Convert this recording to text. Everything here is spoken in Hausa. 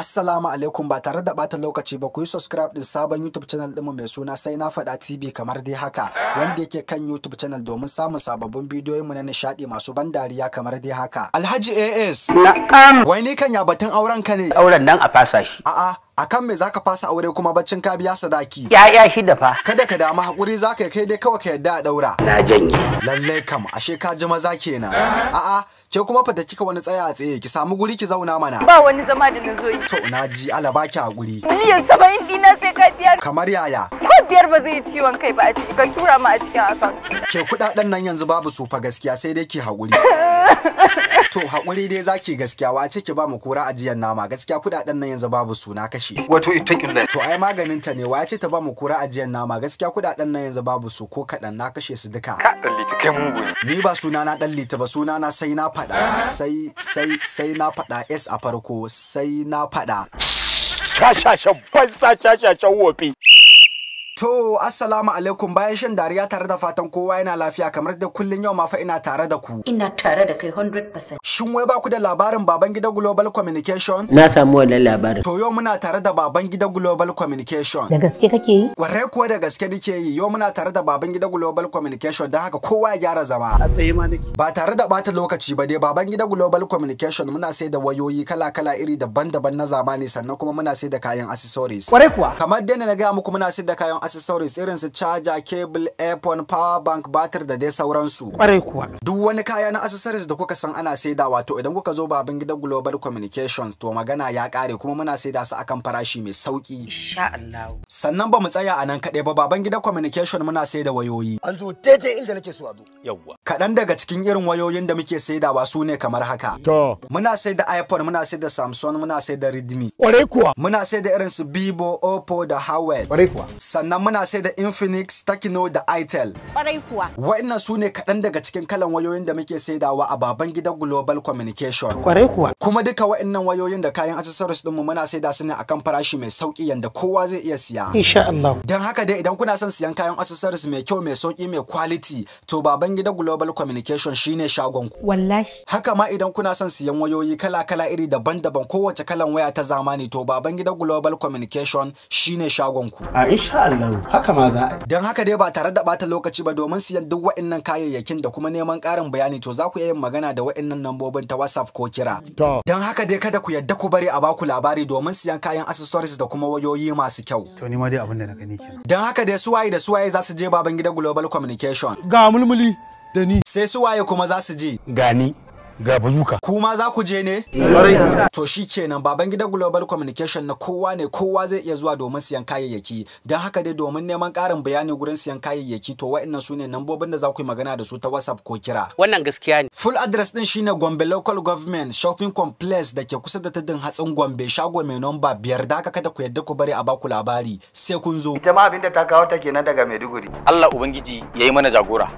Assalamu alaikum ba tare da bata lokaci ba ku yi subscribe din sabon YouTube channel ɗinmu mai suna sai na faɗa TV kamar dai haka wanda yake kan YouTube channel domin samun sababbin bidiyoyin mu na nishadi masu ban dariya kamar dai haka. Alhaji AS. Na'am. Wai ni kan ya batun auren ka ne? Auren nan a fasa shi. A'a. akan me zaka fasa aure kuma baccin ka biya sadaki ya'ya shida fa kada ka damu hakuri zaka kai dai kawai ka yadda a daura na janye lalle kam ashe ka ji maza kenan a'a ke kuma fata kika wani tsaya a tsaye ki samu guri ki zauna mana ba wani zama da nazo yi to na ji ala baki hakuri miliyan 70 dina sai ka biyar kamar yaya ko biyar ba zai ciwon kai ba a ciki ka tura mu a cikin account ke kudaden nan yanzu babu su fa gaskiya sai dai ki hakuri to hakuri dai zaki gaskiya wa ce ki ba mu kura ajiyar nama gaskiya kudaden nan yanzu babu suna kashe wato ittaqillah to ai maganin ta ne wa ce ta ba mu kura ajiyar nama gaskiya kudaden nan yanzu babu su ko kadan na kashe su duka ka dallita kai mugu ni ba suna na ta ba suna na sai na fada sai sai sai na fada s a farko sai na fada cha ban cha wofi To, assalamu alaikum bayan shan dariya tare da fatan kowa yana lafiya kamar da kullun yau ma fa ina tare da ku. Ina tare da kai 100%. Shin wai ba ku da labarin baban gida Global Communication? Na samu wannan labarin. To yau muna tare da baban gida Global Communication. Da gaske kake yi? Kwarai kuwa da gaske nake yi. Yau muna tare da baban gida Global Communication don haka kowa ya gyara zama. A tsaye ma nake. Ba tare da bata lokaci ba dai baban gida Global Communication muna sai da wayoyi kala-kala iri daban-daban na zamani sannan kuma muna sai da kayan accessories. Kwarai kuwa. Kamar dai na gaya muku muna sai da kayan accessories irin su charger, cable, airphone, power bank, battery da dai sauransu. Kwarai kuwa. Duk wani kaya na accessories da kuka san ana saida wato idan kuka zo babin gidan Global Communications to magana ya kare kuma muna saida su akan farashi mai sauki. Insha Allah. Sannan ba mu tsaya a nan kaɗai ba babin gidan communication muna saida wayoyi. An zo daidai inda nake so a zo. Yawwa. Kaɗan daga cikin irin wayoyin da muke saidawa su ne kamar haka. To. Muna saida iPhone, muna saida Samsung, muna saida Redmi. Kwarai kuwa. Muna saida irin su Vivo, Oppo da Huawei. Kwarai kuwa. Sannan muna sai da Infinix, Takino da Itel. Ƙwarai kuwa. su ne kaɗan daga cikin kalan wayoyin da muke saidawa a baban gidan Global Communication. Ƙwarai kuwa. Kuma duka wa'annan wayoyin da kayan accessories ɗinmu muna saida su ne kan farashi mai sauƙi yanda kowa zai iya siya. Insha Allah. Don haka dai idan kuna son siyan kayan accessories mai kyau mai sauƙi mai quality to baban gidan Global Communication shine shagon ku. Wallahi. Haka ma idan kuna son siyan wayoyi kala-kala iri daban-daban kowace kalan waya ta zamani to baban gidan Global Communication shine shagon ku. A Allah. yawo haka ma za a yi don haka dai ba tare da bata lokaci ba domin siyan duk wa'annan kayayyakin da kuma neman ƙarin bayani to za ku iya yin magana da wa'annan nambobin ta WhatsApp ko kira don haka dai kada ku yadda ku bari a baku labari domin siyan kayan accessories da kuma wayoyi masu kyau to ni ma dai abin da na gani kenan don haka dai suwaye da suwaye za su je baban gida Global Communication ga mulmuli da ni sai suwaye kuma za su je gani ga bazuka. Kuma za ku je ne? To shi kenan baban gida Global Communication na kowa ne kowa zai iya zuwa domin siyan kayayyaki. dan haka dai domin neman ƙarin bayani gurin siyan kayayyaki to wa'annan sune nambobin da za ku yi magana da su ta WhatsApp ko kira. Wannan gaskiya ne. Full address din shine Gombe Local Government Shopping Complex da ke kusa da tadin hatsin Gombe shago mai number, biyar da haka kada ku yadda ku bari a baku labari sai kun zo. Ita ma abinda ta kawo ta kenan daga Maiduguri. Allah Ubangiji ya yi mana jagora.